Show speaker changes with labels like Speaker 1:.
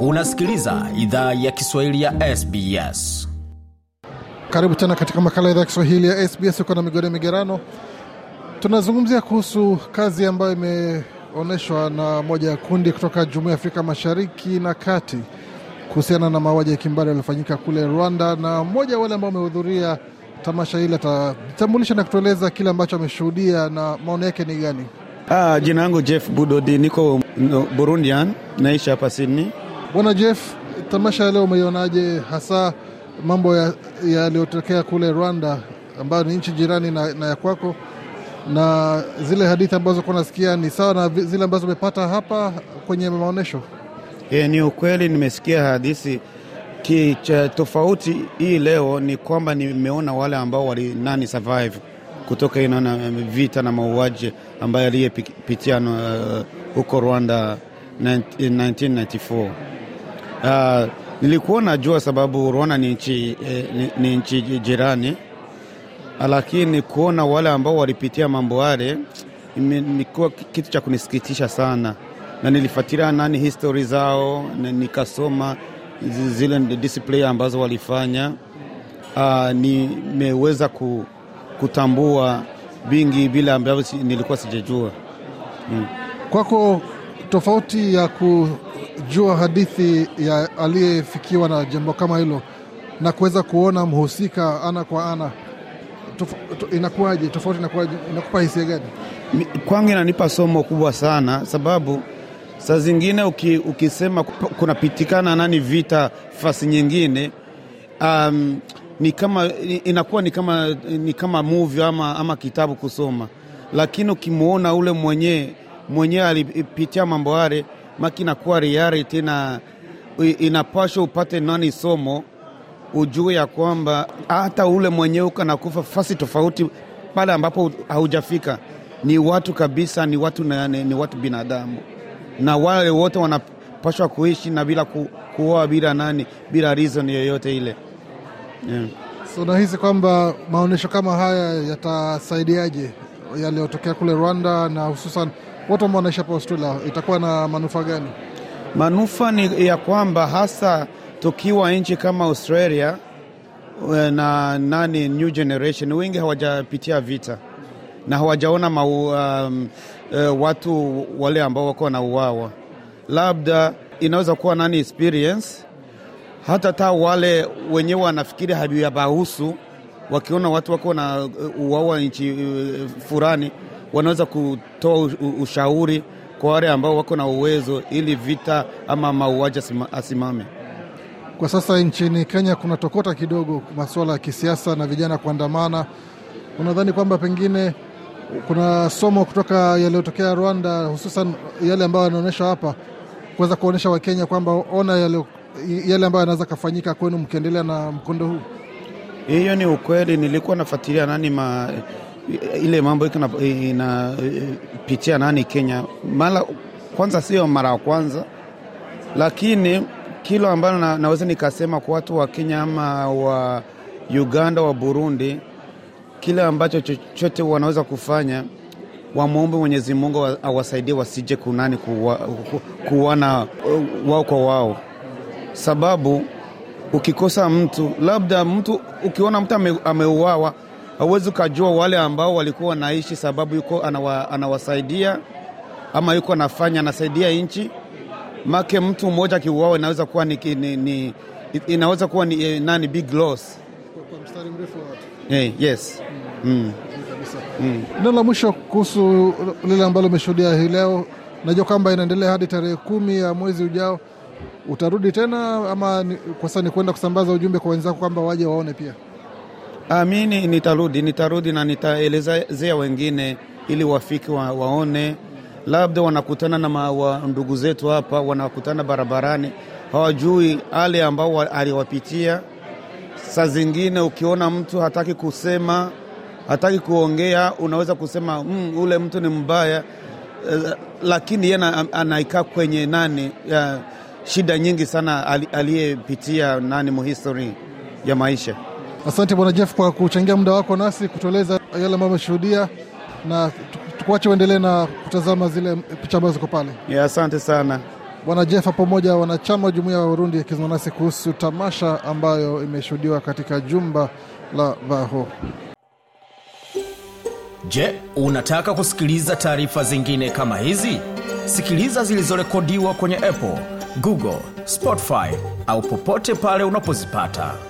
Speaker 1: Unasikiliza idhaa ya Kiswahili ya SBS.
Speaker 2: Karibu tena katika makala idhaa ya Kiswahili ya SBS. Uko na migodi migerano, tunazungumzia kuhusu kazi ambayo imeonyeshwa na moja ya kundi kutoka jumuia ya Afrika Mashariki na Kati kuhusiana na mauaji ya kimbari yaliyofanyika kule Rwanda, na mmoja wa wale ambao wamehudhuria tamasha hili atajitambulisha na kutueleza kile ambacho ameshuhudia na maono yake ni gani.
Speaker 1: Ah, jina yangu Jeff Budodi, niko Burundian, naishi hapa Sydney.
Speaker 2: Bwana Jeff, tamasha leo umeionaje, hasa mambo yaliyotokea ya kule Rwanda ambayo ni nchi jirani na, na ya kwako na zile hadithi ambazo kuwa nasikia ni sawa na zile ambazo umepata hapa kwenye maonyesho? E, eh, ni
Speaker 1: ukweli, nimesikia hadithi kicha tofauti hii leo ni kwamba nimeona wale ambao wali nani survive kutoka inaona vita na mauaji ambayo aliyepitia eh, huko Rwanda 1994 Ah, nilikuwa najua sababu Rwanda ni nchi eh, ni nchi jirani, ah, lakini kuona wale ambao walipitia mambo yale imekuwa kitu cha kunisikitisha sana, na nilifuatilia nani history zao na nikasoma zile display ambazo walifanya. Uh, nimeweza ku, kutambua vingi vile ambavyo nilikuwa sijajua Hmm.
Speaker 2: Kwako tofauti ya ku jua hadithi ya aliyefikiwa na jambo kama hilo na kuweza kuona mhusika ana kwa ana Tof, to, inakuwaje tofauti inakuwaje, inakupa hisia gani?
Speaker 1: Kwangu inanipa somo kubwa sana, sababu saa zingine uki, ukisema kunapitikana nani vita fasi nyingine um, ni kama inakuwa ni kama, ni kama movie ama, ama kitabu kusoma, lakini ukimwona ule mwenyee mwenyewe alipitia mambo yale maki inakuwa reality inapashwa upate nani somo ujue ya kwamba hata ule mwenyewe uko nakufa fasi tofauti pale ambapo haujafika. Ni watu kabisa, ni watu, na, ni, ni watu binadamu, na wale wote wanapashwa kuishi na bila ku, kuoa bila nani bila reason yoyote ile yeah.
Speaker 2: So unahisi kwamba maonyesho kama haya yatasaidiaje yaliyotokea kule Rwanda na hususan watu ambao wanaishi hapa Australia itakuwa na manufaa gani?
Speaker 1: Manufaa ni ya kwamba hasa tukiwa nchi kama Australia eh, na nani, new generation wengi hawajapitia vita na hawajaona mau, um, uh, watu wale ambao wako na uwawa labda inaweza kuwa nani experience hata ta wale wenyewe wanafikiri habiabahusu wakiona watu wako na eh, uwawa nchi fulani wanaweza kutoa ushauri kwa wale ambao wako na uwezo ili vita ama mauaji
Speaker 2: asimame. Kwa sasa nchini Kenya kuna tokota kidogo masuala ya kisiasa na vijana kuandamana. Unadhani kwamba pengine kuna somo kutoka yaliyotokea Rwanda, hususan yale ambayo yanaonyesha hapa, kuweza kuonyesha Wakenya kwamba ona yale, yale ambayo yanaweza kafanyika kwenu mkiendelea na mkondo huu?
Speaker 1: Hiyo ni ukweli. Nilikuwa nafuatilia nani ma ile mambo inapitia ina, nani Kenya mara kwanza, sio mara ya kwanza, lakini kilo ambalo na, naweza nikasema kwa watu wa Kenya ama wa Uganda wa Burundi, kile ambacho chochote wanaweza kufanya wamwombe Mwenyezi Mungu awasaidie wasije kunani kuwana wao kwa wao, sababu ukikosa mtu labda mtu ukiona mtu ameuawa ame hauwezi ukajua wale ambao walikuwa wanaishi sababu yuko anawa, anawasaidia ama yuko anafanya anasaidia nchi make mtu mmoja akiuawa inaweza kuwa ni, ni, ni, inaweza kuwa ni, eh, nani big loss
Speaker 2: kwa mstari mrefu hey, eh, yes mm. Mm. Mm. Neno la mwisho kuhusu lile ambalo umeshuhudia hii leo, najua kwamba inaendelea hadi tarehe kumi ya mwezi ujao. Utarudi tena ama kwa sasa ni kuenda kusambaza ujumbe kwa wenzako kwamba waje waone pia?
Speaker 1: Amini, ah, nitarudi nitarudi na nitaelezea wengine ili wafiki wa, waone labda wanakutana na mawa, ndugu zetu hapa wanakutana barabarani, hawajui ale ambao aliwapitia. Saa zingine ukiona mtu hataki kusema, hataki kuongea, unaweza kusema mm, ule mtu ni mbaya uh, lakini yeye anaikaa kwenye nani uh, shida nyingi sana aliyepitia nani muhistori ya maisha.
Speaker 2: Asante Bwana Jeff kwa kuchangia muda wako nasi kutueleza yale ambayo ameshuhudia na tukuache uendelee na kutazama zile picha ambazo ziko pale. Yeah, asante sana Bwana Jeff pamoja wanachama wa jumuiya ya Warundi akizungumza nasi kuhusu tamasha ambayo imeshuhudiwa katika jumba la vaho
Speaker 1: Je, unataka kusikiliza taarifa zingine kama hizi? Sikiliza zilizorekodiwa kwenye Apple, Google, Spotify au popote pale unapozipata.